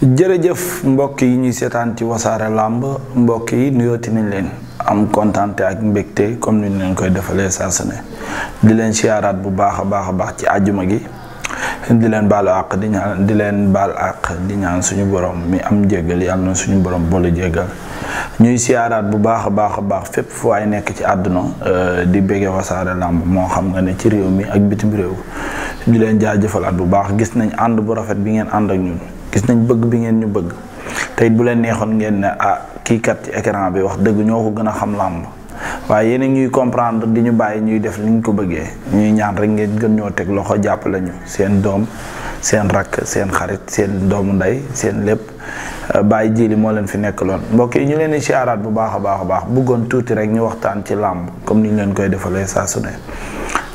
jërëjëf mbokk yi ñuy seetaan ci wasaare làmb mbokk yi nuyooti nañ leen am kontante ak mbégte comme ni leen koy defalee saa di leen siyaaraat bu baax a baax a baax ci àjjuma gi di leen baalu àq di di leen baal àq di ñaan suñu borom mi am jéggal yàlla na suñu borom boole jéggal ñuy siyaaraat bu baax a baax a baax fépp fu nekk ci àdduna euh, di béggee wasaare làmb moo xam nga ne ci réew mi ak bitim réew di leen jaajëfalaat bu baax gis nañ ànd bu rafet bi ngeen ànd ak ñun gis nañ bëgg bi ngeen ñu bëgg tey bu leen neexoon ngeen ne ah kii kat ci écran bi wax dëgg ñoo ko gën a xam làmb waaye yéen a ñuy comprendre di ñu bàyyi ñuy def li ñu ko bëggee ñuy ñaan rek ngeen gën ñoo teg loxo jàppale ñu seen doom seen rakk seen xarit seen doomu ndey seen lépp euh, bàyyi jiili moo leen fi nekkaloon loon mbokk yi ñu leen di siyaaraat bu baax a baax a baax bëggoon tuuti rek ñu waxtaan ci làmb comme ni leen koy defalee saa su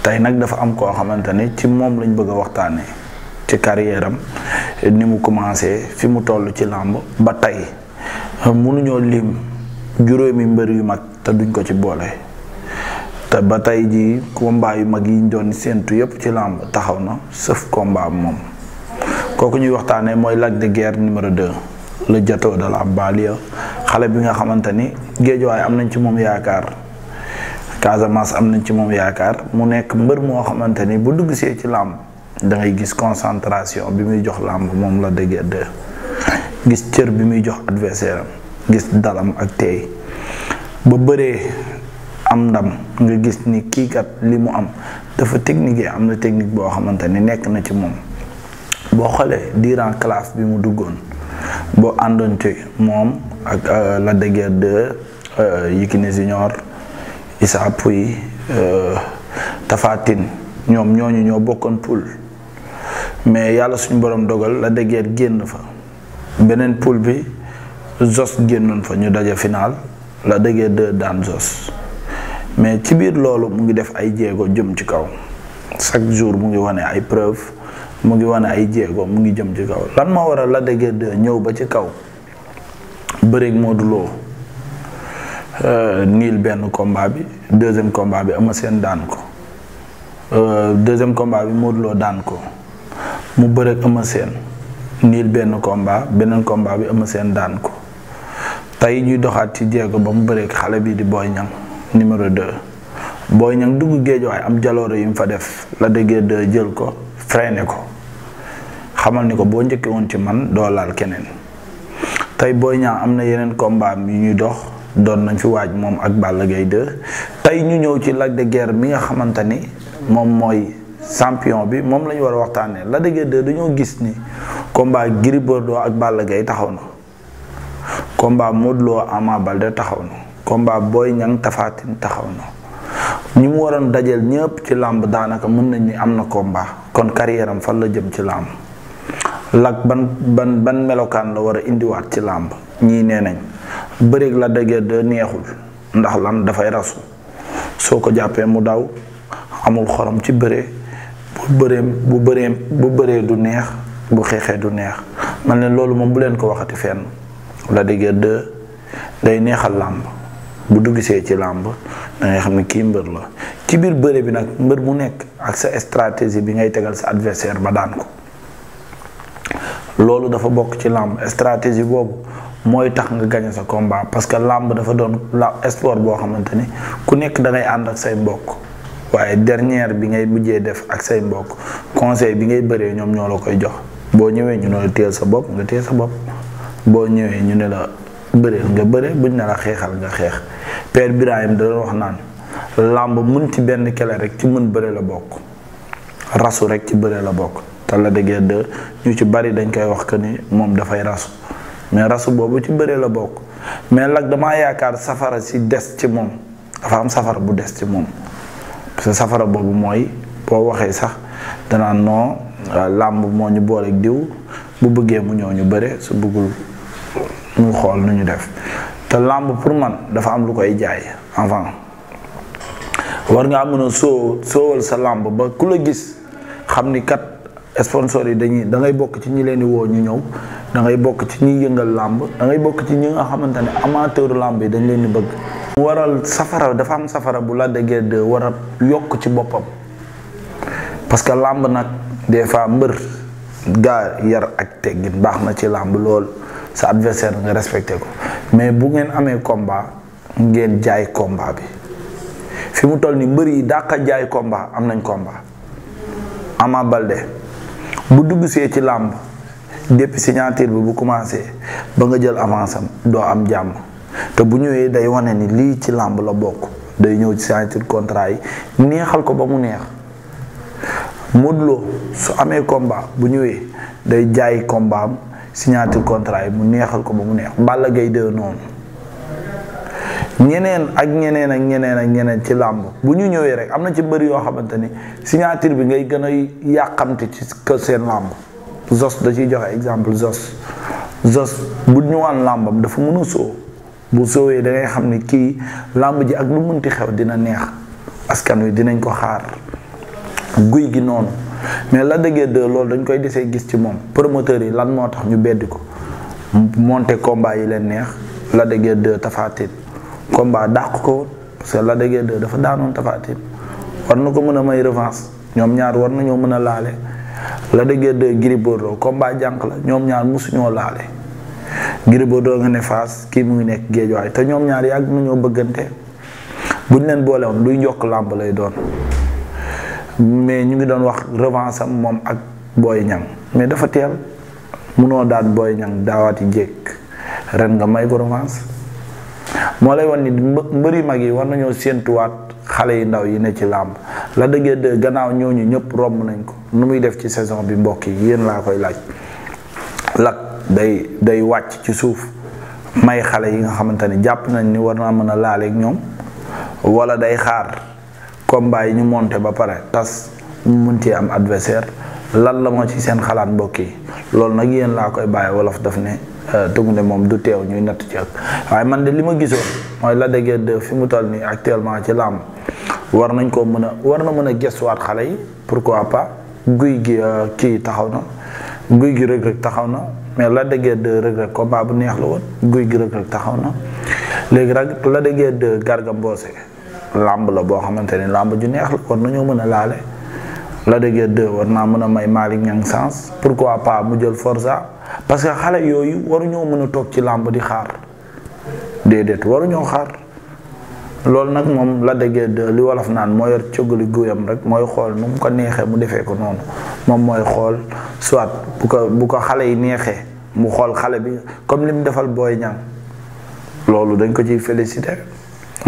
tey nag dafa am koo xamante ni ci moom lañ bëgg a waxtaanee. ci carrière ni mu commencé fi mu toll ci làmb ba tey mënuñoo lim juróomi mbër yu mag te duñ ko ci boole te ba tey ji combat yu mag yiñ ñu doon séentu yépp ci làmb taxaw na sëf combat moom kooku ñuy waxtaanee mooy Lac de Guiers numéro 2 le Diato de la banlieue xale bi nga xamante ni géejuwaay am nañ ci moom yaakaar Casamance am nañ ci moom yaakaar mu nekk mbër moo xamante ni bu dugg see ci làmb da gis concentration bi muy jox làmb moom la dëgër de gis cër bi muy jox adversaire gis dalam ak tey ba bëree am ndam nga gis ni kii kat li mu am dafa technique am na technique boo xamante ni nekk na ci moom boo xoolee durant classe bi mu duggoon boo àndoon moom ak euh, la dëgër de euh, yikine Junior Issa Pouye euh, Tapha Tine ñoom ñooñu ñoo bokkoon poule mais yàlla suñu borom dogal la dégeer génn fa beneen poule bi Zos génnoon fa ñu daje finaal la dégeer de daan Zos mais ci biir loolu mu ngi def ay jéego jëm ci kaw chaque jour mu ngi wane ay preuve mu ngi wane ay jéego mu ngi jëm ci kaw lan ma waral la dégeer de ñëw ba ci kaw bëreeg Modou Lo euh, niil benn combat bi deuxième combat bi Eumeu Sène daan ko euh, deuxième combat bi Modou Lo daan ko mu bëreeg Eumeu Sène niil benn combat beneen combat bi Eumeu Sène daan ko tey ñuy doxaat ci jéego ba mu bëreeg xale bi di Boy Niang numéro 2 Boy Niang dugg géej waaye am jaloore yu mu fa def la déggee de jël ko freiné ko xamal ni ko boo njëkkee woon ci man doo laal keneen tey Boy Niang am na yeneen combat yu ñuy dox doon nañ fi waaj moom ak Balla Gaye 2 tey ñu ñëw ci Lac de mi nga xamante ni moom mooy. champion bi moom la war a waxtaanee Lac de dañoo gis ni komba Gris Bordeaux ak Balla Gaye taxaw na komba Modou Lo Ama taxaw na komba booy Niang Tapha taxaw na ñi mu waroon dajeel ñëpp ci làmb daanaka mën nañ ni am na komba kon carrière fan la jëm ci làmb Lac ban ban melokaan la war a indiwaat ci làmb ñii nee nañ bëreeg Lac de neexul ndax lan dafay rasu soo ko jàppee mu daw amul xorom ci bëre. bu bëreem bu bëreem bu bëree du neex bu xeexee du neex man leen loolu moom bu leen ko waxati fenn la dëgg de day neexal làmb bu duggisee ci làmb da xam ne kii mbër la ci biir bëre bi nag mbër mu nekk ak sa stratégie bi ngay tegal sa adversaire ba daan ko loolu dafa bokk ci làmb stratégie boobu mooy tax nga gañe sa combat parce que làmb dafa doon la sport boo xamante ni ku nekk da ngay ànd ak say mbokk waaye dernière bi ngay mujjee def ak say mbokk conseil bi ngay bëree ñoom ñoo la koy jox boo ñëwee ñu ne la téel sa bopp nga téel sa bopp boo ñëwee ñu ne la bëreel nga bëre buñ ne la xeexal nga xeex Père Birahim da wax naan làmb mun ci benn kele rek ci mën bëre la bokk rasu rek ci bëre la bokk te la déggee de ñu ci bari dañ koy wax que ni moom dafay rasu mais rasu boobu ci bëre la bokk mais lag damaa yaakaar safara si des ci moom dafa am safara bu des ci moom sa safara boobu mooy boo waxee sax danaa non làmb moo ñu booleek diw bu bëggee mu ñëw ñu bare su bëggul ñu xool nu ñu def te làmb pour man dafa am lu koy jaay avant war ngaa mën a soo soowal sa làmb ba ku la gis xam ni kat sponsor yi dañuy da bokk ci ñu leen di woo ñu ñëw da ngay bokk ci ñi yëngal làmb da ngay bokk ci ñu nga xamante ne amateur làmb yi dañ leen di bëgg mu waral safara dafa am safara bu Lac de Guiers war a yokk ci boppam parce que làmb nag des fois mbër gaa yar ak teggin baax na ci làmb lool sa adversaire nga respecté ko mais bu ngeen amee komba ngeen jaay komba bi fi mu toll ni mbër yi dàqa jaay komba am nañ combat Ama Baldé bu dugg see ci làmb depuis signature bi bu commencé ba nga jël avance am doo am jàmm te bu ñëwee day wane ni lii ci làmb la bokk day ñëw ci signature contrat yi neexal ko ba mu neex Modou su amee combat bu ñëwee day jaay combat am signature contrat yi mu neexal ko ba mu neex Balla gay 2 noonu ñeneen ak ñeneen ak ñeneen ak ñeneen ci làmb bu ñu ñëwee rek am na ci mbër yoo xamante ni signature bi ngay gën a yàqamte ci kër seen làmb Zos da ciy joxe exemple Zos Zos bu ñu waan làmbam dafa mën a soo bu soowee da ngay xam ne kii làmb ji ak lu mënti xew dina neex askan wi dinañ ko xaar guy gi noonu mais la dëggee de loolu dañ koy desee gis ci moom promoteur yi lan moo tax ñu bedd ko moonte combat yi leen neex la dëggee de tafaatin combat dàq ko parce que la dëggee dafa daanoon tafaatin war na ko mën a may revanche ñoom ñaar war nañoo mën a laale la dëggee de Gris Bordeaux jànq la ñoom ñaar mosuñoo laale Gris doo nga ne fas kii mu ngi nekk Géejawaay te ñoom ñaar yàgg nañoo bëggante buñ leen boole woon luy njokk làmb lay doon mais ñu ngi doon wax revanche am moom ak booy Niang mais dafa teel munoo daan Boy Niang daawaati jékk ren nga may ko revanche moo lay wan ni mbëri mag yi war nañoo séentuwaat xale yi ndaw yi ne ci làmb la dëggee de gannaaw ñooñu ñëpp romb nañ ko nu muy def ci saison bi mbokk yi yéen laa koy laaj day day wàcc ci suuf may xale yi nga xamante ni jàpp nañ ni war naa mën a laaleek ñoom wala day xaar combat yi ñu monté ba pare tas ñu mun cee am adversaire lan la moo ci seen xalaat mbokk yi loolu nag yéen laa koy bàyyi wolof daf ne Tonguandé euh, moom du teew ñuy natt ci waaye man de li ma gisoon mooy la déggee de fi mu toll nii actuellement ci làmb war nañ koo mën a war na mën a gëstuwaat xale yi pourquoi pas guy gi euh, kii taxaw na guy gi rek rëg taxaw na. mais Lac de Guiers 2 Reug bu neex la woon guy gi Reug taxaw na léegi rag Lac de Guiers Garga Mbossé làmb la boo xamante ni làmb ju neex la war ñoo mën a laale Lac de war naa mën a may Malick Niang sens pourquoi pas mu jël forsa parce que xale yooyu waruñoo mën a toog ci làmb di xaar déedéet waruñoo xaar loolu nag moom Lac de Guiers li wolof naan moo yor cëggali guyam rek mooy xool nu mu ko neexee mu defee ko noonu moom mooy xool soit bu ko bu ko xale yi neexee mu xool xale bi comme li mu defal booy Niang loolu dañ ko ciy félicité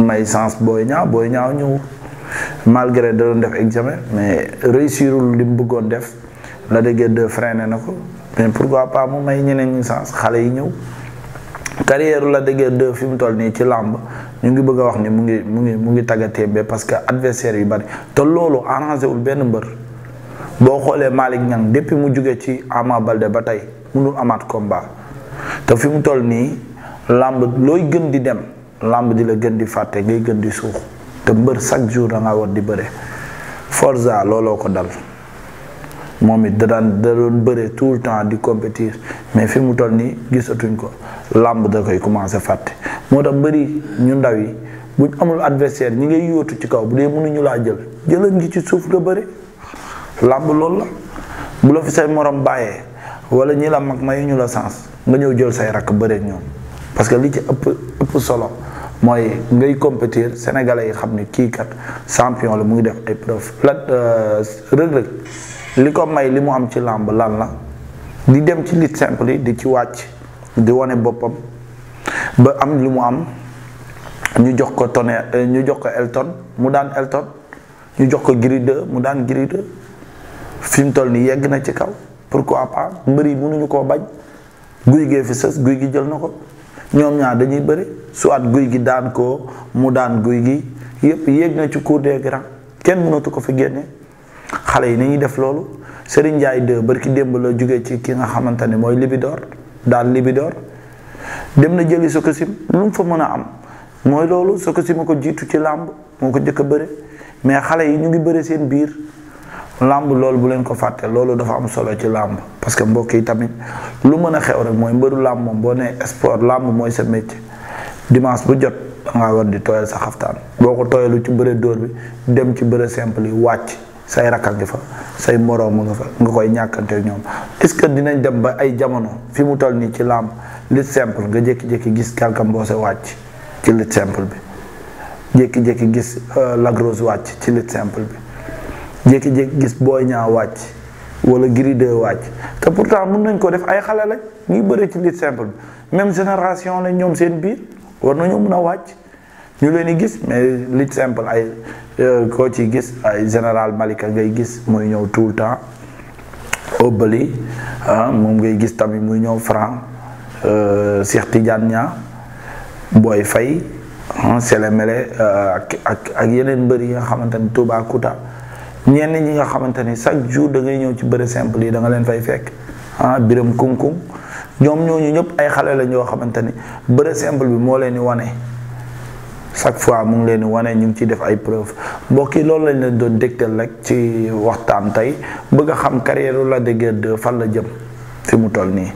may sens booy Niang booy ñaaw ñëw malgré da doon def examen mais réussirul li mu bëggoon def la déggee de freiné na ko mais pourquoi pas mu may ñeneen ñi sens xale yi ñëw carrière la déggee de fi mu toll nii ci làmb ñu ngi bëgg a wax ni mu ngi mu ngi mu ngi taggatémbe parce que adversaire yu bari te loolu arrangé wul benn mbër. boo xoolee Malick Niang depuis mu jóge ci Ama Balde ba tey mënul amaat combat te fi mu toll nii làmb looy gën di dem làmb di la gën di fàtte ngay gën di suux te mbër chaque jour da ngaa war di bëre Forza looloo ko dal moom it da daan da doon bëre tout le temps di compétir mais fi mu toll nii gisatuñ ko làmb da koy commencé fàtte moo tax bëri ñu ndaw yi buñ amul adversaire ñi ngay yóotu ci kaw bu dee mënuñu laa jël jëlan ngi ci suuf nga bëre làmb loolu la bu la fi say morom bàyyee wala ñi la mag may ñu la sens nga ñëw jël say rakk bëreek ñoom parce que li ci ëpp ëpp solo mooy ngay compétir sénégalais yi xam ne kii kat champion la mu ngi def ay preuve la euh, li ko may li mu am ci làmb lan la di dem ci lutte simple yi di ci wàcc di wane boppam ba am li mu am ñu jox ko Tonnerre euh, ñu jox ko Elton mu daan Elton ñu jox ko Gris mu daan Gris fi mu toll nii yegg na ci kaw pourquoi pas mbër yi mënuñu koo bañ guy gee fi sës guy gi jël na ko ñoom ñaar dañuy bëri soit guy gi daan koo mu daan guy gi yépp yegg na ci cour de grands kenn mënatu ko fi génne xale yi nañuy def loolu Serigne Ndiaye 2 barki démb la jógee ci ki nga xamante ne mooy Libidor daal Libidor dem na jëli Sococim lu mu fa mën a am mooy loolu Sococim a ko jiitu ci làmb moo ko njëkk a bëre mais xale yi ñu ngi bëre seen biir. làmb loolu bu leen ko fàttee loolu dafa am solo ci làmb parce que mbokk yi tamit lu mën a xew rek mooy mbëru làmb moom boo nee sport làmb mooy sa métier dimance bu jot dangaa war di tooyal sa xaftaan boo ko tooyalu ci bëre dóor bi dem ci bëre simple yu wàcc say rakka ngi fa say moroom nga fa nga koy ñàkkanteeg ñoom est ce que dinañ dem ba ay jamono fi mu toll nii ci làmb lit simple nga jékki-jékki gis Garga Mbossé wàcc ci lit simple bi jékki-jékki gis euh, Lac wàcc ci lit bi jékki-jékki gis booy ñaa wàcc wala Gris 2 wàcc te pourtant mun nañ koo def ay xale lañ ñuy bëri ci lutte simple bi même génération lañ ñoom seen biir war nañoo mën a wàcc ñu leen di gis mais lutte simple ay euh, koo ci gis ay général Malika ngay gis muy ñëw tout le temps Obali ah, moom ngay gis tamit muy ñëw Franc euh, Cheikh Tidiane Niang Boy Faye ah, Selemele euh, ak ak ak yeneen mbër yi nga xamante ni Toubacouta ñenn ñi nga xamante ni chaque jour da ngay ñëw ci bëre simple yi da nga leen fay fekk ah biram kunkung ñoom ñooñu ñëpp ay xale la ñoo xamante ni bëre simple bi moo leen di wane chaque fois mu ngi leen di wane ñu ngi ciy def ay preuve mbokk yi loolu lañ leen doon dégtal rek ci waxtaan tey bëgg a xam carrière Lac de Guiers 2 fan la jëm fi mu toll nii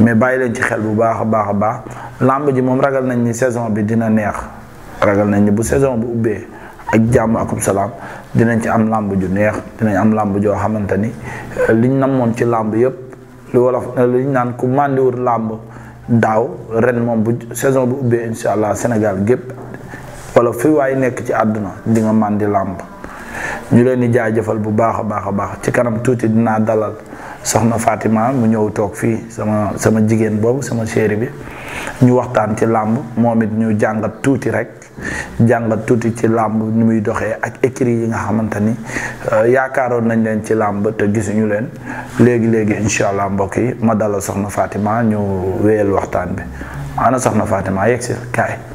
mais bàyyi leen ci xel bu baax a baax a baax làmb ji moom ragal nañ ni saison bi dina neex ragal nañ ni bu saison bu ubbee. ak jàmm akum salaam dinañ ci am làmb ju neex dinañ am làmb joo xamante ni euh, liñ namoon ci làmb yëpp lu wolof euh, liñ naan ku màndiwut làmb daaw ren moom bu saison bu ubbee insha allah Sénégal gépp wala fi waay nekk ci àdduna di nga màndi làmb ñu leen di jaajëfal bu baax a baax a baax ci kanam tuuti dinaa dalal soxna Fatima mu ñëw toog fii sama sama jigéen boobu sama chéri bi ñu waxtaan ci làmb moom it ñu jàngat tuuti rek jàngat tuuti ci làmb ni muy doxee ak écrit yi nga xamante ni euh, yaakaaroon nañ leen ci làmb te gisuñu leen léegi léegi incha allah mbokk yi ma dalal soxna Fatima ñu wéyal waxtaan bi ana soxna Fatima yegg si kaay.